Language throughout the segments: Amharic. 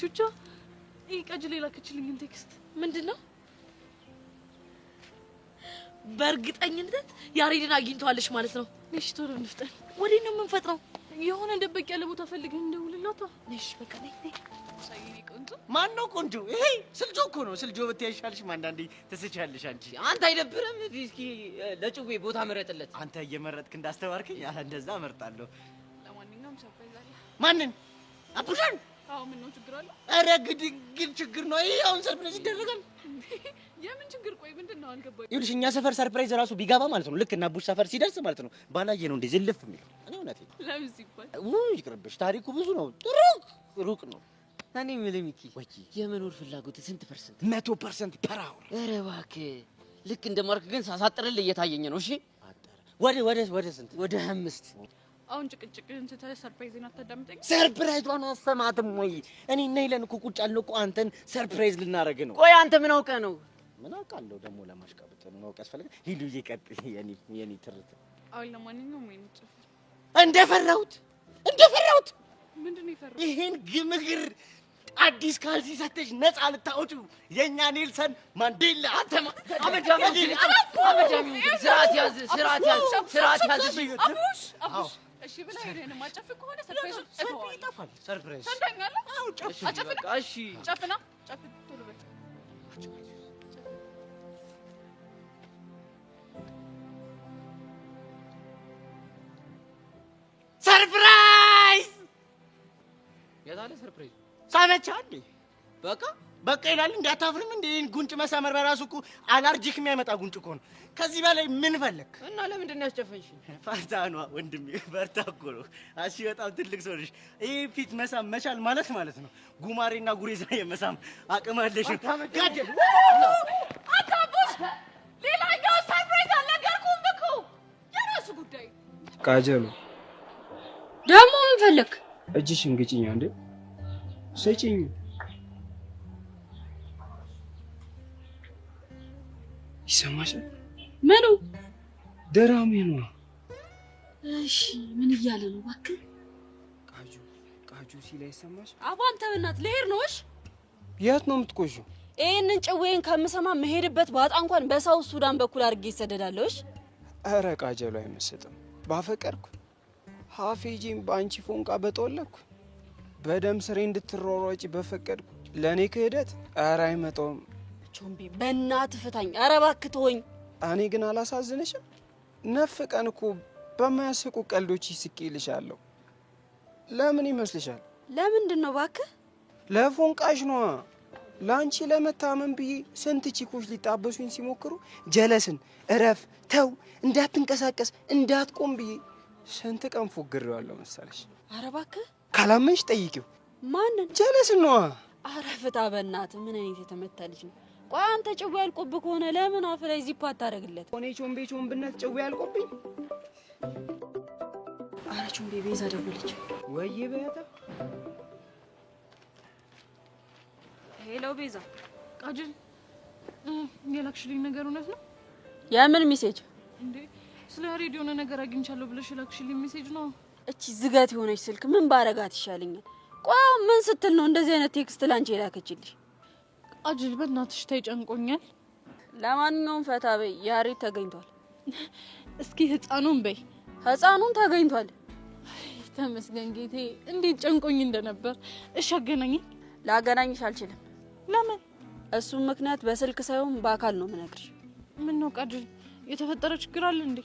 ቹቻ ይህ ቀጅ ሌላ ክችልኝን ቴክስት ምንድን ነው? በእርግጠኝነት ያሬድን አግኝተዋለች ማለት ነው። እሺ ቶሎ እንፍጠን። ወዴት ነው የምንፈጥነው የሆነ ደበቅ ያለ ቦታ ፈልገን እንደውልላታ። እሺ በቃ ነይ ማን ነው ቆንጆ? ይሄ ስልጆ እኮ ነው። ስልጆ ብትያሻልሽ አንዳንዴ ትስቻለሽ። አንቺ አንተ አይደብርም? እስኪ ለጭዌ ቦታ ምረጥለት። አንተ እየመረጥክ እንዳስተባርከኝ እንደዛ እመርጣለሁ። ለማንኛውም ሰው ማንን አቡሻን ኧረ ግድግድ ችግር ነው ይሄ። አሁን ሰርፕራይዝ ይደረጋል። የምን ችግር? ቆይ ምንድን ነው አልገባኝም። ይኸውልሽ እኛ ሰፈር ሰርፕራይዝ እራሱ ቢገባ ማለት ነው ልክ እና ቡሽ ሰፈር ሲደርስ ማለት ነው ባላየ ነው እንደዚህ ልፍ የሚለው እኔ እውነቴን ነው። ይቅርብሽ፣ ታሪኩ ብዙ ነው፣ ሩቅ ሩቅ ነው። እኔ የምልህ ሚኪ የመኖር ፍላጎት ስንት ፐርሰንት? መቶ ፐርሰንት ፐር ኧረ እባክህ ልክ እንደ ማርክ ግን ሳሳጥርልህ እየታየኝ ነው። እሺ ወደ ወደ ወደ ስንት? ወደ አምስት አሁን ጭቅጭቅ እንትተ ሰርፕራይዝ አታዳምጠኝ። ሰርፕራይዝ ዋና አሰማትም ወይ? እኔ እና ይለን እኮ ቁጭ ያልነው እኮ አንተን ሰርፕራይዝ ልናደርግ ነው። ቆይ አንተ ምን አውቀህ ነው? ምን አውቃለሁ ደግሞ ለማሽቃበጥ ነው ማውቅ ያስፈልጋል። ሂዱ ይቀጥል። የኔ የኔ ትርት አሁን ለማንኛውም ወይ ነው እንደፈራሁት እንደፈራሁት ምንድን ነው የፈራሁት? ይሄን ግምግር አዲስ ካልሲ ሰተሽ ነፃ ልታወጪ የእኛ ኔልሰን ማንዴላ አተማ አመጃሚ አመጃሚ ስርዓት ያዝ፣ ስርዓት ያዝ፣ ስርዓት ያዝ። አቡሽ አቡሽ እሺ ብላ ይሄን ማጨፍ ከሆነ ሰርፕራይዝ እተዋለሁ። ይጠፋል። ሰርፕራይዝ ሰንደኛለህ። አዎ ጨፍና እሺ፣ ጨፍና ጨፍን ቶሎ በል ሰርፕራይዝ። የት አለ ሰርፕራይዝ? ሳመቻ እንዴ በቃ በቃ ይላል። እንዳታፍርም እንደ ይህን ጉንጭ መሳመር በራሱ እኮ አላርጂክ የሚያመጣ ጉንጭ እኮ ነው። ከዚህ በላይ ምን ፈለክ? እና ለምንድን ነው ያስጨፈንሽ? ፈርታ ነዋ ወንድሜ፣ ፈርታ እኮ ነው። እሺ በጣም ትልቅ ሰው ነሽ። ይህ ፊት መሳም መቻል ማለት ማለት ነው ጉማሬና ጉሬዛ የመሳም አቅም አለሽ። ሌላኛው ሰርፕራይዝ አልነገርኩህም እኮ የራሱ ጉዳይ። ቃጀሉ ደግሞ ምን ፈለክ? እጅሽ እንግጭኛ እንዴ ስጭኝ ይሰማሻል? ምኑ ደራሜ ነው። እሺ ምን እያለ ነው? እባክህ ቃጁ ቃጁ ሲል አይሰማሽ? አቦ አንተ በእናትህ ልሄድ ነው። እሺ የት ነው የምትቆሺው? ይሄንን ጭዌን ከምሰማ መሄድበት ባጣ እንኳን በሳው ሱዳን በኩል አድርጌ ይሰደዳለሁ። እሺ ኧረ ቃጀሉ አይመስጥም። ባፈቀርኩ ሀፌጂን በአንቺ ፎንቃ በጠወለኩ በደም ስሬ እንድትሯሯጪ በፈቀድኩ ለእኔ ክህደት ኧረ አይመጣውም አላውቃቸውም። ቤ በእናት ፍታኝ፣ አረ እባክህ ተወኝ። እኔ ግን አላሳዝንሽም? ነፍቀን እኮ በማያስቁ ቀልዶች ይስቅልሻለሁ። ለምን ይመስልሻል? ለምንድን ነው እባክህ? ለፎንቃሽ ነዋ። ለአንቺ ለመታመን ብዬ ስንት ቺኮች ሊጣበሱኝ ሲሞክሩ ጀለስን፣ እረፍ፣ ተው፣ እንዳትንቀሳቀስ፣ እንዳትቆም ብዬ ስንት ቀን ፎግሬዋለሁ መሰለሽ። ኧረ እባክህ ካላመንሽ ጠይቂው። ማንን? ጀለስን ነዋ። አረ ፍታ በእናትህ። ምን አይነት የተመታ ልጅ ነው? ቆይ አንተ ጭው ያልቆብህ ከሆነ ለምን አፍ ላይ ዚፓ አታደርግለት? ሆኔ ቾምቤ ቾምብነት ጭው ያልቆብኝ። አረ ቾምቤ ቤዛ ደውለች። ወይ በያታ። ሄሎ ቤዛ። ቃጅል የላክሽልኝ ነገር እውነት ነው? የምን ሚሴጅ እንዴ? ስለ ሬዲዮ የሆነ ነገር አግኝቻለሁ ብለሽ የላክሽልኝ ሚሴጅ ነው? እቺ ዝጋት የሆነች ስልክ ምን ባረጋት ይሻለኛል? ቆይ ምን ስትል ነው እንደዚህ አይነት ቴክስት ላንቺ የላከችልሽ? አጅል በእናትሽ ተይ፣ ጨንቆኛል። ለማንኛውም ፈታ በይ፣ ያሬድ ተገኝቷል። እስኪ ህፃኑን በይ፣ ህፃኑን ተገኝቷል። ተመስገን ጌቴ፣ እንዴት ጨንቆኝ እንደነበር። እሺ አገናኘኝ። ላገናኝሽ አልችልም። ለምን? እሱም ምክንያት በስልክ ሳይሆን በአካል ነው የምነግርሽ። ምን ነው ቃድል፣ የተፈጠረ ችግር አለ እንዴ?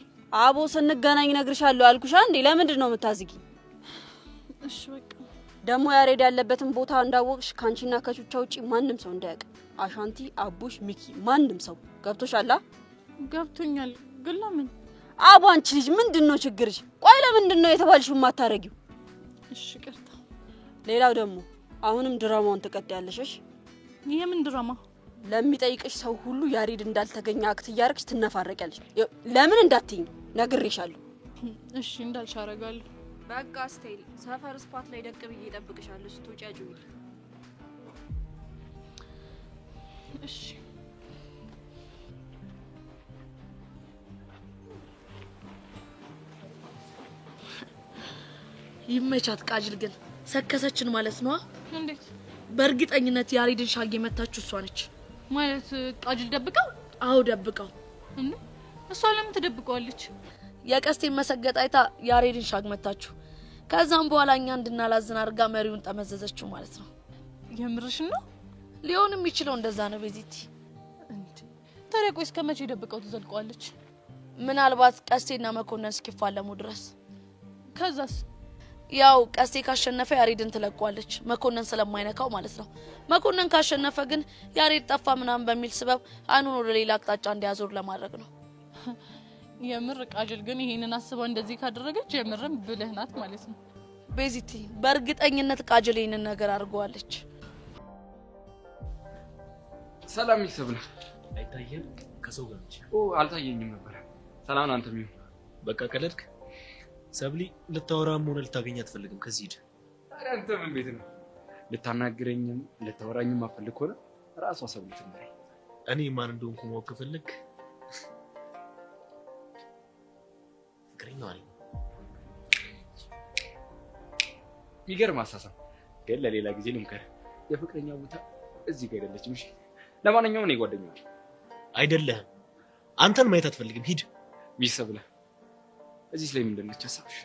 አቦ ስንገናኝ እነግርሻለሁ አልኩሻ እንዴ። ለምንድን ነው የምታዝጊ? እሺ በቃ ደግሞ ያሬድ ያለበትን ቦታ እንዳወቅሽ ከአንቺና ከቹቻ ውጪ ማንም ሰው እንዳያውቅ አሻንቲ፣ አቡሽ፣ ሚኪ ማንም ሰው ገብቶሻል? ገብቶኛል። ግን ለምን አቡ፣ አንቺ ልጅ ምንድን ነው ችግርሽ? ቆይ ለምንድን ነው የተባልሽው የማታረጊው? እሺ ቅርታ። ሌላው ደግሞ አሁንም ድራማውን ትቀጥያለሽ። እሺ? ይሄ ምን ድራማ? ለሚጠይቅሽ ሰው ሁሉ ያሬድ እንዳልተገኘ አክት እያደረግሽ ትነፋረቂያለሽ። ለምን እንዳትይኝ ነግሬሻለሁ። እሺ እንዳልሽ አደርጋለሁ። በቃ ስቴል ሰፈር ስፓት ላይ ደቅ ብዬ እጠብቅሻለሁ። ስትወጪ አጅቢል። እሺ ይመቻት። ቃጅል ግን ሰከሰችን ማለት ነው። እንዴት? በእርግጠኝነት ያሬድን ሻግ የመታችሁ እሷ ነች ማለት ቃጅል ደብቀው? አዎ ደብቀው። እሷ ለምን ትደብቀዋለች? የቀስቴን መሰገጥ አይታ ያሬድን ሻግ መታችሁ። ከዛም በኋላ እኛ እንድናላዝን አድርጋ መሪውን ጠመዘዘችው ማለት ነው። የምርሽ ነው? ሊሆን የሚችለው እንደዛ ነው። ቤዚቲ ታዲያ ቆይ እስከ መቼ ደብቀው ትዘልቀዋለች? ምናልባት ቀስቴና መኮንን እስኪፋለሙ ድረስ። ከዛስ ያው ቀስቴ ካሸነፈ ያሬድን ትለቋለች፣ መኮንን ስለማይነካው ማለት ነው። መኮንን ካሸነፈ ግን ያሬድ ጠፋ ምናምን በሚል ስበብ አይኑን ወደ ሌላ አቅጣጫ እንዲያዞር ለማድረግ ነው። የምር ቃጅል ግን ይሄንን አስበው እንደዚህ ካደረገች የምርም ብልህ ናት ማለት ነው። ቤዚቲ በእርግጠኝነት ቃጅል ይሄንን ነገር አድርገዋለች። ሰላም ይሰብና አይታየም። ከሰው ጋር አልታየኝም ነበር። ሰላም ነው። አንተም ይሁን በቃ ቀለድክ። ሰብሊ ልታወራም ሆነ ልታገኝ አትፈልግም። ከዚህ ሂድ። አንተ ምን ቤት ነው ልታናግረኝም ልታወራኝም አፈልግ ከሆነ ራሷ ሰብሊ ትምራኝ። እኔ ማን እንደሆንኩ ማወቅ ከፈለግ ፍቅረኛዋ ነኝ። ይገርም አሳሳም ግን ለሌላ ጊዜ ልምከር። የፍቅረኛ ቦታ እዚህ ጋር አይደለችም። እሺ፣ ለማንኛውም እኔ ጓደኛ አይደለህም። አንተን ማየት አትፈልግም። ሂድ። ቤተሰብ ነህ። እዚህ ላይ ምንድን ሀሳብሽ?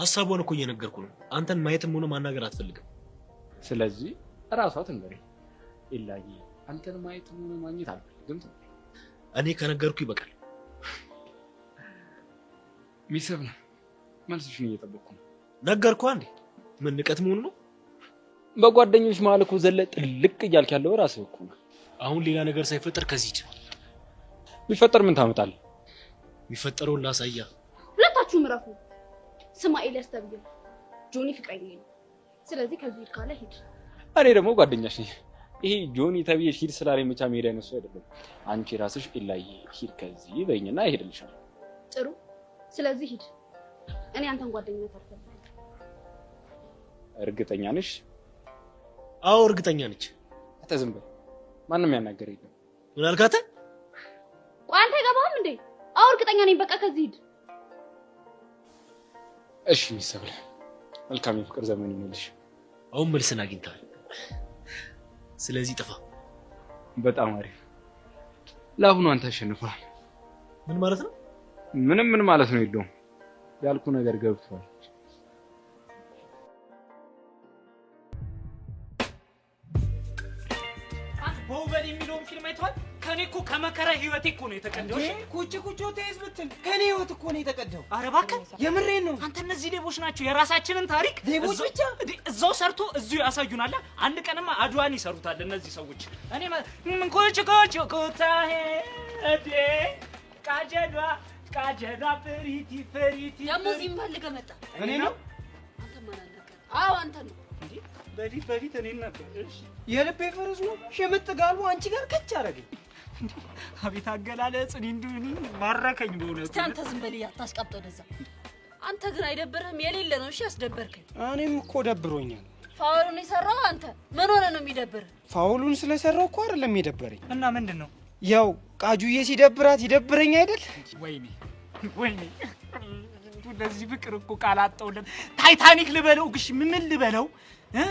ሀሳቧን እኮ እየነገርኩ ነው። አንተን ማየትም ሆነ ማናገር አትፈልግም። ስለዚህ እራሷ ትንገረኝ። ኢላዬ፣ አንተን ማየትም ሆነ ማግኘት አልፈልግም። እኔ ከነገርኩ ይበቃል። ሚሰብለ መልስሽን እየጠበቅኩ ነው። ነገርኩ እንዴ ምን ንቀት መሆኑ ነው? በጓደኞች መሀል እኮ ዘለ ጥልቅ እያልክ ያለው ራስህ እኮ ነው። አሁን ሌላ ነገር ሳይፈጠር ከዚህ ሂድ። ቢፈጠር ምን ታመጣለህ? የሚፈጠረውን ላሳያ። ሁለታችሁም እረፉ። ስማ ኤልያስ ተብዬው ጆኒ ፍቅረኛ ነው። ስለዚህ ከዚህ ሂድ ካለ ሂድ። እኔ ደግሞ ጓደኛሽ ነኝ። ይሄ ጆኒ ተብዬ ሂድ ስላለኝ መቻ መሄድ አይነሱ አይደለም። አንቺ ራስሽ ኤላዬ ሂድ ከዚህ በይኝና ይሄድልሻል። ጥሩ ስለዚህ ሂድ። እኔ አንተን ጓደኝነት አልፈልግም። እርግጠኛ ነሽ? አዎ እርግጠኛ ነች። አንተ ዝም በል፣ ማንም ያናገር የለም። ምን አልካተ? ቆይ አንተ አይገባህም እንዴ? አዎ እርግጠኛ ነኝ። በቃ ከዚህ ሂድ። እሺ ሚሰብል፣ መልካም የፍቅር ዘመን ይመልሽ። አሁን መልስን አግኝተሃል። ስለዚህ ጥፋ። በጣም አሪፍ። ለአሁኑ አንተ አሸንፈሃል። ምን ማለት ነው? ምንም ምን ማለት ነው የለውም ያልኩ ነገር ገብቷል። በውበል የሚለውን ፊልም አይተዋል። ከኔ እኮ ከመከራ ህይወቴ እኮ ነው ቁጭ ቁጭ ተይዝ ብትል ከኔ ህይወት እኮ ነው የተቀዳው። ኧረ እባክህ የምሬን ነው። አንተ እነዚህ ሌቦች ናቸው የራሳችንን ታሪክ ሌቦች ብቻ እዛው ሰርቶ እዚሁ ያሳዩናል። አንድ ቀንማ አድዋን ይሰሩታል እነዚህ ሰዎች። እኔ ቁጭ ቁጭ ቃጀዷ ቃጀና ፈሪቲ ፈሪቲ ደግሞ እዚህ ፈልገህ መጣ። እኔ ነው አንተ ማን አዎ አንተ ነው እንዴ? በፊት በፊት እኔ ነበር። የልቤ ፈረስ ነው ሸመጥ ጋሉ አንቺ ጋር ከች አደረገኝ። አቤት አገላለጽ! እኔ እንዲሁ እኔ ማረከኝ በእውነቱ። እስኪ አንተ ዝም በል አታሽቃብጥ ወደዛ። አንተ ግን አይደብርህም? የሌለ ነው። እሺ ያስደበርከኝ። እኔም እኮ ደብሮኛል። ፋውሉን የሰራው አንተ ምን ሆነ ነው የሚደብርህ? ፋውሉን ስለሰራው እኮ አይደለም የደበረኝ። እና ምንድን ነው ያው ቃጁዬ ሲደብራት ይደብረኝ አይደል? ወይኔ ወይኔ፣ ለዚህ ፍቅር እኮ ቃል አጣውለን። ታይታኒክ ልበለው ግሽ፣ ምን ልበለው?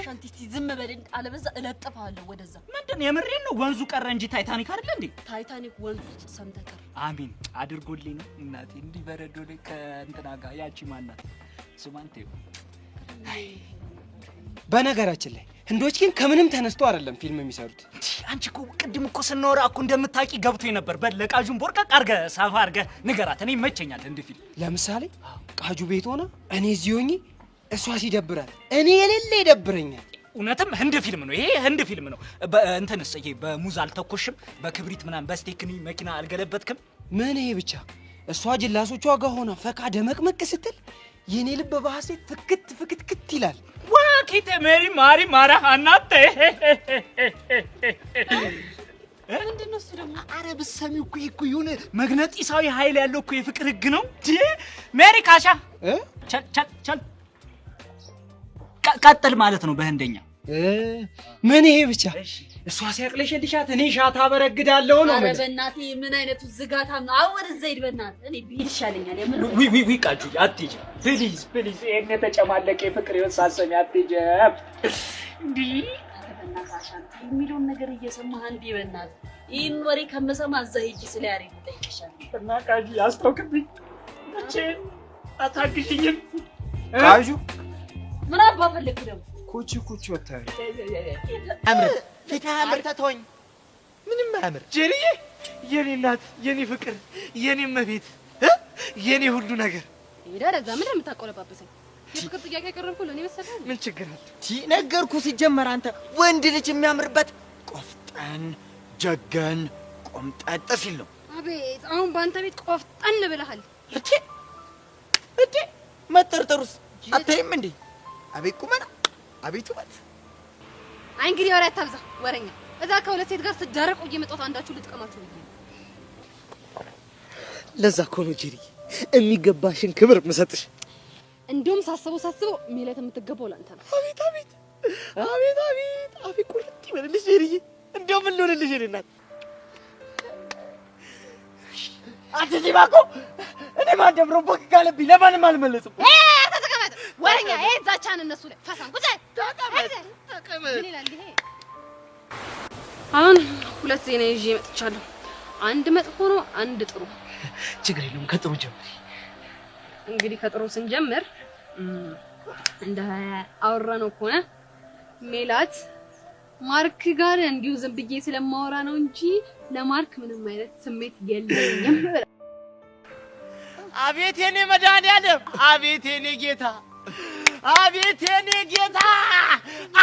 ሻንቲስቲ ዝም በልን፣ አለበዛ እለጥፋለሁ ወደዛ። ምንድን የምሬን ነው። ወንዙ ቀረ እንጂ ታይታኒክ አይደለ እንዴ? ታይታኒክ ወንዙ ውስጥ ሰምተከር። አሚን አድርጎልኝ ነው እናቴ። እንዲህ በረዶ ላይ ከእንትና ጋር ያቺ ማናት ስማንቴ። በነገራችን ላይ ህንዶች ግን ከምንም ተነስቶ አይደለም ፊልም የሚሰሩት አንቺ እኮ ቅድም እኮ ስናወራ እኮ እንደምታውቂ ገብቶኝ ነበር። በል ለቃጁን ቦርቀቅ አድርገህ ሳፋ አድርገህ ንገራት። እኔ ይመቸኛል እንድፊል። ለምሳሌ ቃጁ ቤት ሆነ እኔ እዚህ ሆኜ እሷ ሲደብራት እኔ የሌለ ይደብረኛል። እውነትም ህንድ ፊልም ነው ይሄ፣ ህንድ ፊልም ነው። እንትንስ ይሄ በሙዝ አልተኮሽም፣ በክብሪት ምናምን በስቴክኒ መኪና አልገለበትክም። ምን ይሄ ብቻ እሷ ጅላሶቿ ጋር ሆና ፈካ ደመቅመቅ ስትል የኔ ልብ በባሴ ፍክት ፍክትክት ይላል። ዋኪቴ ሜሪ ማሪ ማራ አናተ ምንድን ነው እሱ ደግሞ? አረ ብትሰሚው እኮ እኮ የሆነ መግነጢሳዊ ኃይል ያለው እኮ የፍቅር ህግ ነው። ሜሪ ካሻ ቸል ቸል ቸል ቀጥል ማለት ነው በህንደኛ ምን ይሄ ብቻ እሷ ሲያቅለሸልሻት እኔ ሻት አበረግዳለሁ ነው። ኧረ በእናትህ ምን አይነቱ ዝጋታ ነው? አወር እዛ ሂድ በእናትህ። እኔ ብሄድ ይሻለኛል። ቃጁ አትሄጂ፣ ፕሊዝ ፕሊዝ። ይሄን የተጨማለቀ የፍቅር ህይወት ሳሰሚ አትሄጂ። እንዲህ የሚለውን ነገር እየሰማህ እንዴ? በእናትህ ይህን ወሬ ከመሰማ እዛ ሂጂ። ስለ ያሬድ እጠይቅሻለሁ። እና ቃልጁ አስታውቅብኝ፣ አታግሽኝም? ቃልጁ ምን አባ ፈለግህ ደግሞ ኮቺ ኮቺ ወታሪ አምር ፊታ አምር ተቶኝ ምንም አምር ጀሪዬ፣ የኔ እናት፣ የኔ ፍቅር፣ የኔ መቤት፣ የኔ ሁሉ ነገር ይዳ ረዛ ምን የምታቆለባበሰኝ? የፍቅር ጥያቄ ያቀረብኩ ለኔ መሰለህ። ምን ችግር አለ? ቲ ነገርኩ። ሲጀመር አንተ ወንድ ልጅ የሚያምርበት ቆፍጠን፣ ጀገን፣ ቆምጣጥ ሲል ነው። አቤት አሁን በአንተ ቤት ቆፍጠን ብለሃል። እቴ እቴ መጠርጠሩስ አታይም እንዴ? አቤት ቁመና አቤት ውበት! አይ እንግዲህ ወሬ አታብዛ ወረኛ። እዛ ከሁለት ሴት ጋር ስትዳረቁ እየመጣሁት አንዳችሁ ልጥቀማችሁ ብዬ ለዛ እኮ ነው ጄሪ፣ የሚገባሽን ክብር ምሰጥሽ። እንዲሁም ሳስበው ሳስበው ሚለት የምትገባው ላንተ ነው። አቤት አቤት አቤት አቤት አቤት! ቁርጥ ይበልልሽ ጄሪዬ፣ እንዲያው ምን ልሆንልሽ አትዚህ እናት። ባኮ እኔ ማን ደብሮ ቦክ ካለብኝ ለማንም አልመለስም። ተቀመጥ ወረኛ። ይሄ ዛቻን እነሱ ላይ ፈሳን ቁጭ አሁን ሁለት ዜና ይዤ መጥቻለሁ። አንድ መጥፎ ነው፣ አንድ ጥሩ። ችግር የለውም። ከጥሩ ጀምሪ። እንግዲህ ከጥሩ ስንጀምር እንደ አወራ ነው ከሆነ ሜላት ማርክ ጋር እንዲሁ ዝም ብዬ ስለማወራ ነው እንጂ ለማርክ ምንም አይነት ስሜት የለኝም። አቤት የኔ መድኃኒዓለም፣ አቤት የኔ ጌታ አቤት የኔ ጌታ፣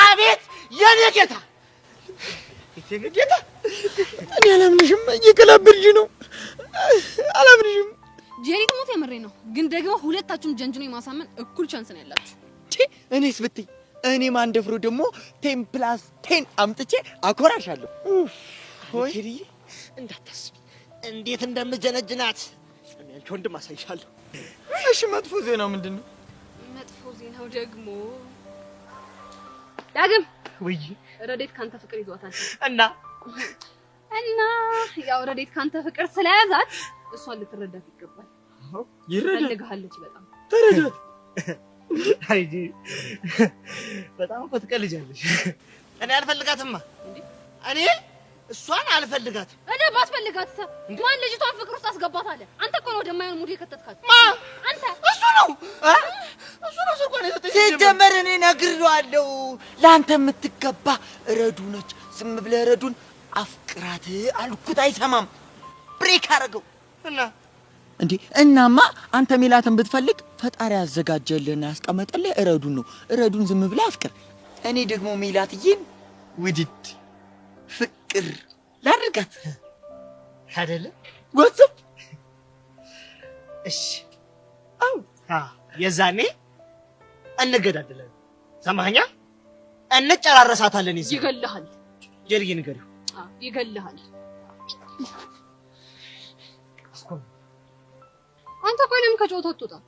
አቤት የኔ ጌታ፣ የኔ ጌታ። እኔ አላምንሽም። እየገላበልሽ ነው። አላምንሽም። ጄሪ ትሞት፣ የምሬ ነው። ግን ደግሞ ሁለታችሁም ጀንጅኖ የማሳመን እኩል ቻንስ ነው ያላችሁ። እኔስ ብትይ እኔ ማን ደፍሮ ደግሞ ቴን ፕላስ ቴን አምጥቼ አኮራሻለሁ። ሆይ እንዳታስቢ እንዴት እንደምጀነጅናት ያንቺ ወንድም አሳይሻለሁ። እሺ መጥፎ ዜና ምንድን ነው? ዜናው ደግሞ ዳግም ወይ ረዴት ካንተ ፍቅር ይዟታል እና እና ያው ረዴት ካንተ ፍቅር ስለያዛት እሷን ልትረዳት ይገባል። ይረዳልልሃለች በጣም ተረዳት። አይዲ በጣም እኮ ትቀልጃለሽ። እኔ አልፈልጋትማ እኔ እሷን አልፈልጋት። እኔ ባስፈልጋት ማን ልጅቷን ፍቅር ውስጥ አስገባት አለ? አንተ እኮ ነው ወደማይሆን ሙድ የከተትካት። አንተ። እሱ ነው እሱ ነው ስልኳን የሰጠኝ። ሲጀመር እኔ ነግሬዋለሁ፣ ለአንተ የምትገባ እረዱ ነች። ዝም ብለህ እረዱን አፍቅራት አልኩት፣ አይሰማም። ብሬክ አደረገው እና እንዴ እናማ አንተ ሜላትን ብትፈልግ ፈጣሪ ያዘጋጀልህና ያስቀመጠልህ እረዱን ነው። እረዱን ዝም ብለህ አፍቅር። እኔ ደግሞ ሜላትዬን ውድድ ፍቅ ቅር ላድርጋት አይደለ? ጎትም እሺ፣ አው የዛኔ እንገዳደለን። ሰማኛ እንጨራረሳታለን። ይዘ ይገልሃል። ጀርዬ ንገሪው፣ ይገልሃል። አንተ ቆይ ለምን ከጨዋታ አትወጣም?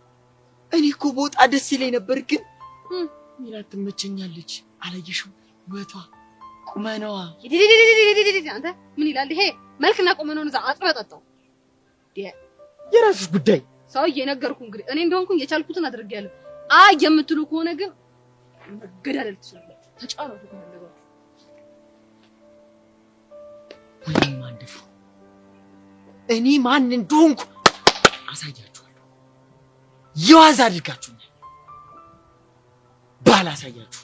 እኔ እኮ በወጣ ደስ ይለኝ ነበር፣ ግን ምን አትመቸኛለች። አላየሽው ውበቷ ቁመነዋ አንተ ምን ይላል ይሄ መልክና ቁመነውን እዛ አጥረጠጠው። የራስሽ ጉዳይ ሰውዬ፣ ነገርኩህ እንግዲህ እኔ እንደሆንኩኝ የቻልኩትን አድርጌያለሁ። አይ የምትሉ ከሆነ ግን መገዳደል ተጫረቱ ወይም እኔ ማን እንደሆንኩ አሳያችኋለሁ። የዋዛ አድርጋችሁኛል። አሳያችሁ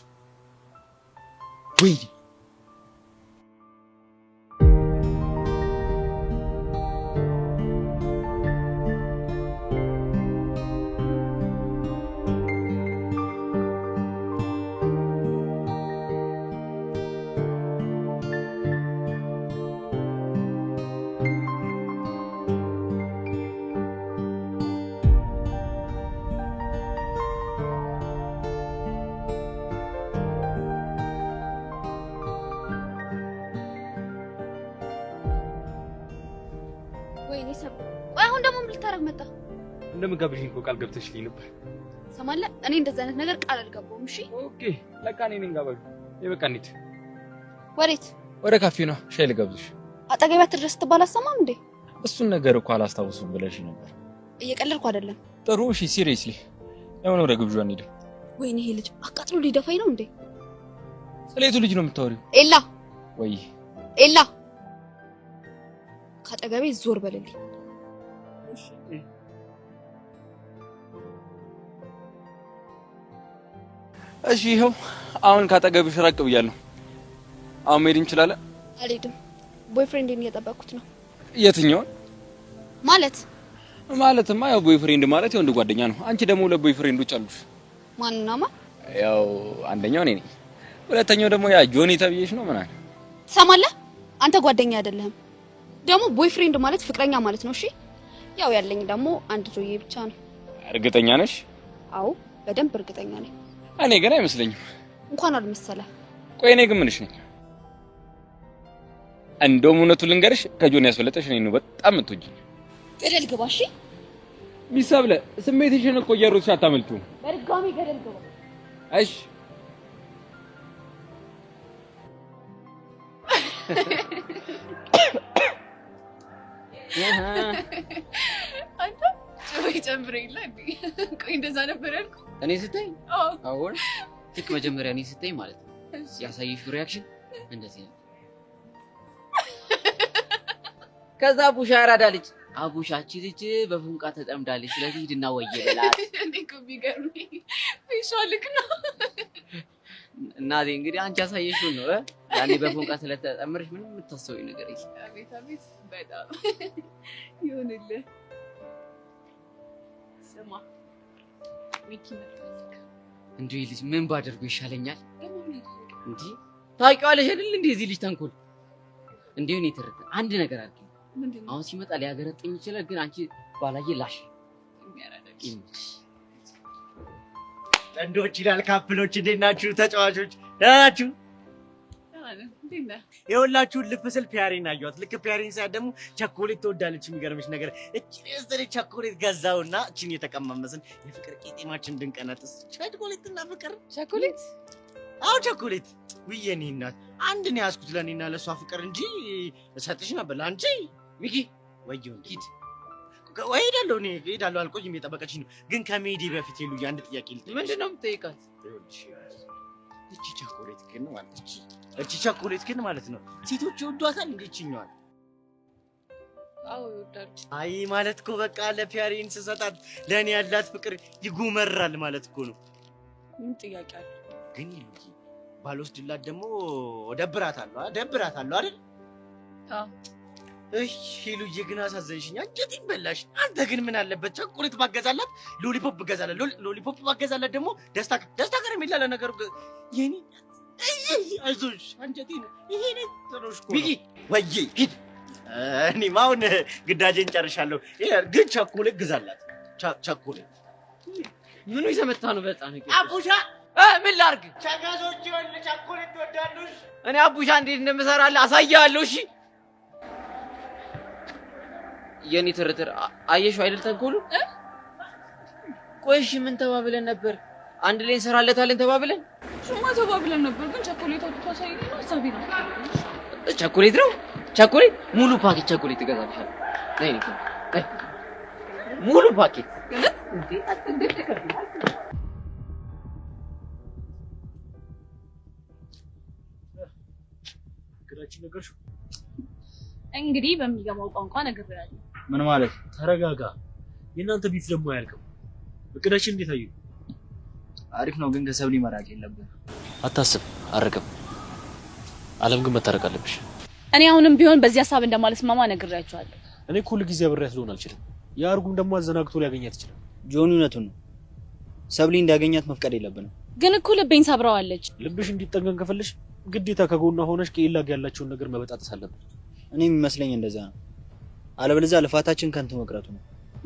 ቤተሰብ ቆይ፣ አሁን ደግሞ ምን ልታረግ መጣ? እንደምጋብዥኝ እኮ ቃል ገብተሽልኝ ነበር። ሰማለ፣ እኔ እንደዛ አይነት ነገር ቃል አልገባውም። እሺ ኦኬ። ለካ እኔ ነኝ ጋባዥ። የበቃ እንሂድ። ወዴት? ወደ ካፌ ነው፣ ሻይ ልጋብዝሽ። አጠገቤ አትድረስ ትባል አሰማም እንዴ? እሱን ነገር እኮ አላስታውሱም ብለሽ ነበር። እየቀለድኩ አይደለም። ጥሩ እሺ፣ ሲሪየስሊ የሆነ ወደ ግብዣ እንሂድ። ወይኔ ይሄ ልጅ አቃጥሎ ሊደፋኝ ነው እንዴ? ስለየቱ ልጅ ነው የምታወሪው? ኤላ ወይ ኤላ ከአጠገቤ ዞር በልልኝ። እሺ፣ ይኸው አሁን ከአጠገብሽ ራቅ ብያለሁ። አሁን መሄድ እንችላለን። አልሄድም። ቦይፍሬንድን እየጠበቅኩት ነው። የትኛውን ማለት? ማለትማ ያው ቦይፍሬንድ ማለት የወንድ ጓደኛ ነው። አንቺ ደግሞ ሁለት ቦይፍሬንዶች አሉሽ። ማንና ማን? ያው አንደኛው እኔ ነኝ፣ ሁለተኛው ደግሞ ያ ጆኒ ተብዬሽ ነው። ምናምን ትሰማለህ? አንተ ጓደኛ አይደለህም ደግሞ ቦይፍሬንድ ማለት ፍቅረኛ ማለት ነው። እሺ ያው ያለኝ ደግሞ አንድ ጆዬ ብቻ ነው። እርግጠኛ ነሽ? አዎ በደንብ እርግጠኛ ነኝ። እኔ ግን አይመስለኝም። እንኳን አልመሰለ። ቆይ እኔ ግን ምንሽ ነኝ? እንደውም እውነቱን ልንገርሽ ከጆን ያስበለጠሽ እኔ ነው በጣም የምትወጂኝ። ገደል ግባ። እሺ ሚስ አብለ፣ ስሜትሽን እኮ እያሮጥሽ አታመልጪውም። በድጋሚ ገደል ግባ። እሺ አንተ ጨው ጨምረ የለ ቆይ፣ እንደዛ ነበር እኔ ስታይ። አሁን ልክ መጀመሪያ እኔ ስታይ ማለት ነው ያሳየሽው ሪያክሽን እንደዚህ ነው። ከዛ አቡሻ ያራዳ ልጅ አቡሻቺ ልጅ በፉንቃ ተጠምዳለች። ስለዚህ ሂድና ወየ ብላት። እኔ እኮ ልክ ነው እናቴ እንግዲህ አንቺ ያሳየሽውን ነው ያኔ በፎንቃ ስለተጠመርሽ ምንም የምታስተውይ ነገር በጣም ይሁንልህ። ስማ ሚኪ እንዲህ ልጅ ምን ባደርገው ይሻለኛል? እንዲ ታውቂዋለሽ አይደል? እንዲህ እዚህ ልጅ ተንኮል እንዲህ ነው የተረዳ። አንድ ነገር አለ። አሁን ሲመጣ ሊያገረጥኝ ይችላል፣ ግን አንቺ ባላየ ላሽ ጥንዶች ይላል ካፕሎች፣ እንዴት ናችሁ ተጫዋቾች? ደህና ናችሁ? የሁላችሁን ልብ ስል ፒያሬን አየኋት። ልክ ፒያሬን ሳያት ደግሞ ቸኮሌት ትወዳለች። የሚገርምሽ ነገር እችን ስሪ ቸኮሌት ገዛውና እችን የተቀማመስን የፍቅር ቄጤማችን ድንቀነጥስ ቸኮሌትና ፍቅር ቸኮሌት አዎ ቸኮሌት ውየኔ እናት አንድ ነው ያዝኩት ለእኔና ለእሷ ፍቅር እንጂ እሰጥሽ ነበር ለአንቺ ሚኪ ወየውን ኪድ ወይ እሄዳለሁ እኔ እሄዳለሁ፣ አልቆይም። የጠበቀችኝ ነው። ግን ከመሄዴ በፊት ሄሉዬ አንድ ጥያቄ ልጠይቅሽ። ምንድን ነው የምትጠይቃት? እቺ ቸኮሌት ግን ማለት እቺ ቸኮሌት ግን ማለት ነው ሴቶች ይወዷታል እንዴ? ይችኛዋል? አይ ማለት እኮ በቃ ለፒያሬን ስሰጣት ለእኔ ያላት ፍቅር ይጉመራል ማለት እኮ ነው። ምን ጥያቄ አለ ግን? ሄሉዬ ባልወስድላት ደግሞ ደብራታለሁ፣ ደብራታለሁ አይደል? አዎ እሺ ሄሉዬ ግን አሳዘንሽኝ። ይበላሽ። አንተ ግን ምን አለበት ቸኮሌት ባገዛላት፣ ሎሊፖፕ ባገዛላት፣ ሎሊፖፕ ባገዛላት ደግሞ ደስታ ደስታ ጋር የሚላለ ነገሩ የኔ አይዞሽ፣ አንጀቴን ይሄ ነው ጥሩሽ ቢጊ ወዬ ሂድ። እኔማ አሁን ግዳጄን ጨርሻለሁ። ግን ቸኮሌት ግዛላት። ቸኮሌት ምኑ የተመታ ነው? በጣም አቡሻ ምን ላርግ? ላድርግ? ቸጋሶች ቸኮሌት ትወዳለሽ? እኔ አቡሻ እንዴት እንደምሰራለ አሳያለሁ። እሺ የኔ ትርትር አየሽው አይደል? ተንኮሉ። ቆይሽ ምን ተባብለን ነበር? አንድ ላይ እንሰራለታለን ተባብለን ሹማ ተባብለን ነበር፣ ግን ቸኮሌት አውጥቶ ሳይል ነው ሀሳቤ ነው። ቸኮሌት ነው ቸኮሌት፣ ሙሉ ፓኬት ቸኮሌት ትገዛልሻል። ነይ ነይ፣ ሙሉ ፓኬት እንግዲህ በሚገባው ቋንቋ ነግሬያለሁ። ምን ማለት ተረጋጋ። የእናንተ ቢፍ ደግሞ አያልቅም። እቅዳችን እንዴት አየሁ? አሪፍ ነው፣ ግን ከሰብሊ መራቅ የለብን። አታስብ፣ አርቅም። አለም ግን መታረቅ አለብሽ። እኔ አሁንም ቢሆን በዚህ ሀሳብ እንደማልስማማ ነግሬያቸዋለሁ። እኔ እኮ ሁልጊዜ አብሬያት ልሆን አልችልም። የአርጉም ደግሞ አዘናግቶ ሊያገኛት ይችላል። ጆን እውነቱን ነው። ሰብሊ እንዳገኛት መፍቀድ የለብንም። ግን እኮ ልቤን ሰብረዋለች። ልብሽ እንዲጠገን ከፈለሽ ግዴታ ከጎና ሆነሽ ከኤላ ያላቸውን ነገር መበጣጠስ አለብን። እኔ የሚመስለኝ እንደዛ ነው። አለበለዚያ ልፋታችን ከንቱ መቅረቱ ነው።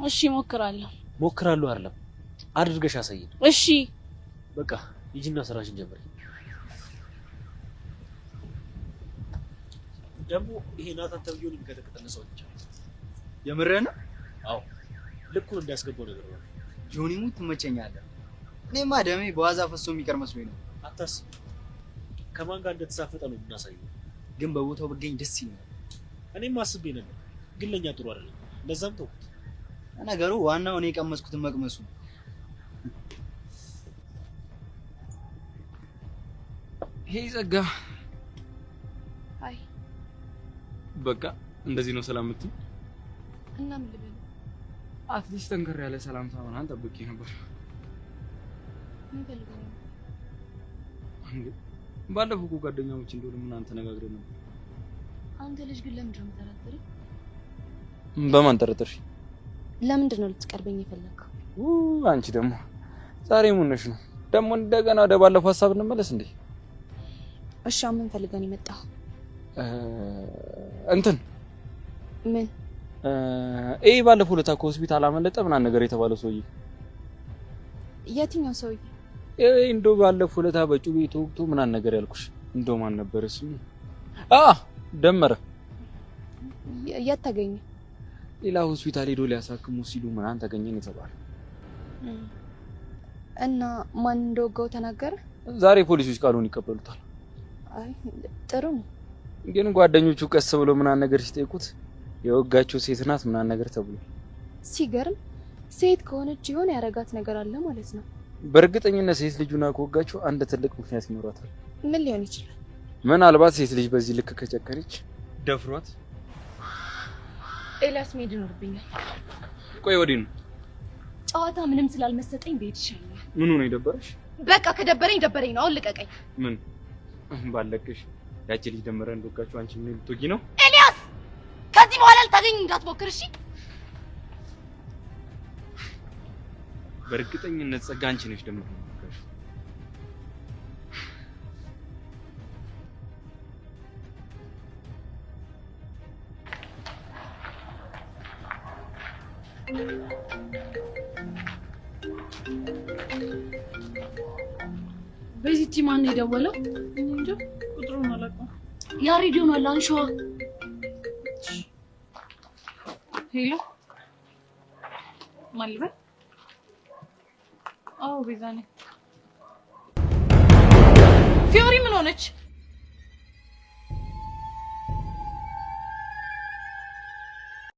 እሺ ሞክራለሁ። ሞክራለሁ አይደለም አድርገሽ አሳይን። እሺ በቃ ሂጂና ስራሽን ጀምሪ። ደግሞ ይሄ ናታን ተብዬውን የሚቀጠቅጠን ሰው ብቻ የምርህ ነው? አዎ ልኩን እንዳያስገባው ነገር ነው። ጆኒ ሙት ትመቸኛለህ። እኔማ ደሜ በዋዛ ፈሶ የሚቀር መስሎኝ ነው። አታስብ፣ ከማን ጋር እንደተሳፈጠ ነው የምናሳየው። ግን በቦታው ብገኝ ደስ ይለኛል። እኔም አስቤ ነበር ግን ለእኛ ጥሩ አይደለም። ለዛም ተውኩት። ነገሩ ዋናው እኔ የቀመስኩትን መቅመሱ ነው። ይሄ ጸጋ አይ በቃ እንደዚህ ነው ሰላም የምትይኝ እና ምን ልበል? አትሊስት ጠንከር ያለ ሰላምታ ምናምን ጠብቄ ነበር። ምን ፈልገህ ነው? ባለፈው እኮ ጓደኛሞች እንደሆነ ምናምን ተነጋግረን ነበር። አንተ ልጅ ግን ለምንድን ነው የምጠራጠረኝ? በማን ጠረጠርሽ? ለምንድን ነው ልትቀርበኝ የፈለግከው? አንቺ ደግሞ ዛሬ ሙነሽ ነው ደግሞ እንደገና ወደ ባለፈው ሀሳብ እንመለስ እንዴ? እሺ ምን ፈልገን የመጣ እንትን ምን ይህ ባለፈው ለታ ከሆስፒታል አመለጠ ምናምን ነገር የተባለው ሰውዬ የትኛው ሰውዬ? ይህ እንዶ ባለፈው ለታ በጩቤ ተወግቶ ምናምን ነገር ያልኩሽ እንዶ ማን ነበር ስሙ? ደመረ የት ተገኘ? ሌላ ሆስፒታል ሄዶ ሊያሳክሙ ሲሉ ምናምን ተገኘን የተባለ እና ማን እንደወጋው ተናገረ። ዛሬ ፖሊሶች ቃሉን ይቀበሉታል። አይ ጥሩ ነው። ግን ጓደኞቹ ቀስ ብሎ ምናምን ነገር ሲጠይቁት የወጋቸው ሴት ናት ምናምን ነገር ተብሎ ሲገርም፣ ሴት ከሆነች ይሆን ያረጋት ነገር አለ ማለት ነው። በእርግጠኝነት ሴት ልጁና ከወጋቸው አንድ ትልቅ ምክንያት ይኖራታል። ምን ሊሆን ይችላል? ምናልባት ሴት ልጅ በዚህ ልክ ከጨከነች ደፍሯት ኤልያስ መሄድ ይኖርብኛል። ቆይ ወዴት ነው? ጨዋታ ምንም ስላልመሰጠኝ ብሄድ ይሻለኛል። ምኑ ነው የደበረሽ? በቃ ከደበረኝ ደበረኝ ነው። አሁን ልቀቀኝ። ምን ባለቅሽ ያቺ ልጅ ደመረ እንደወጋችሁ አንቺ ምን ልትወጊ ነው? ኤልያስ ከዚህ በኋላ ልታገኝ እንዳትሞክር እሺ። በእርግጠኝነት ጸጋ አንቺ ነሽ ደመረ ነው የደወለው? እንጃ ቁጥሩን አላውቀውም። ያ ሬዲዮን አለ ሄሎ ማን ልበል? አዎ ቤዛ ነኝ። ፊዮሪ ምን ሆነች?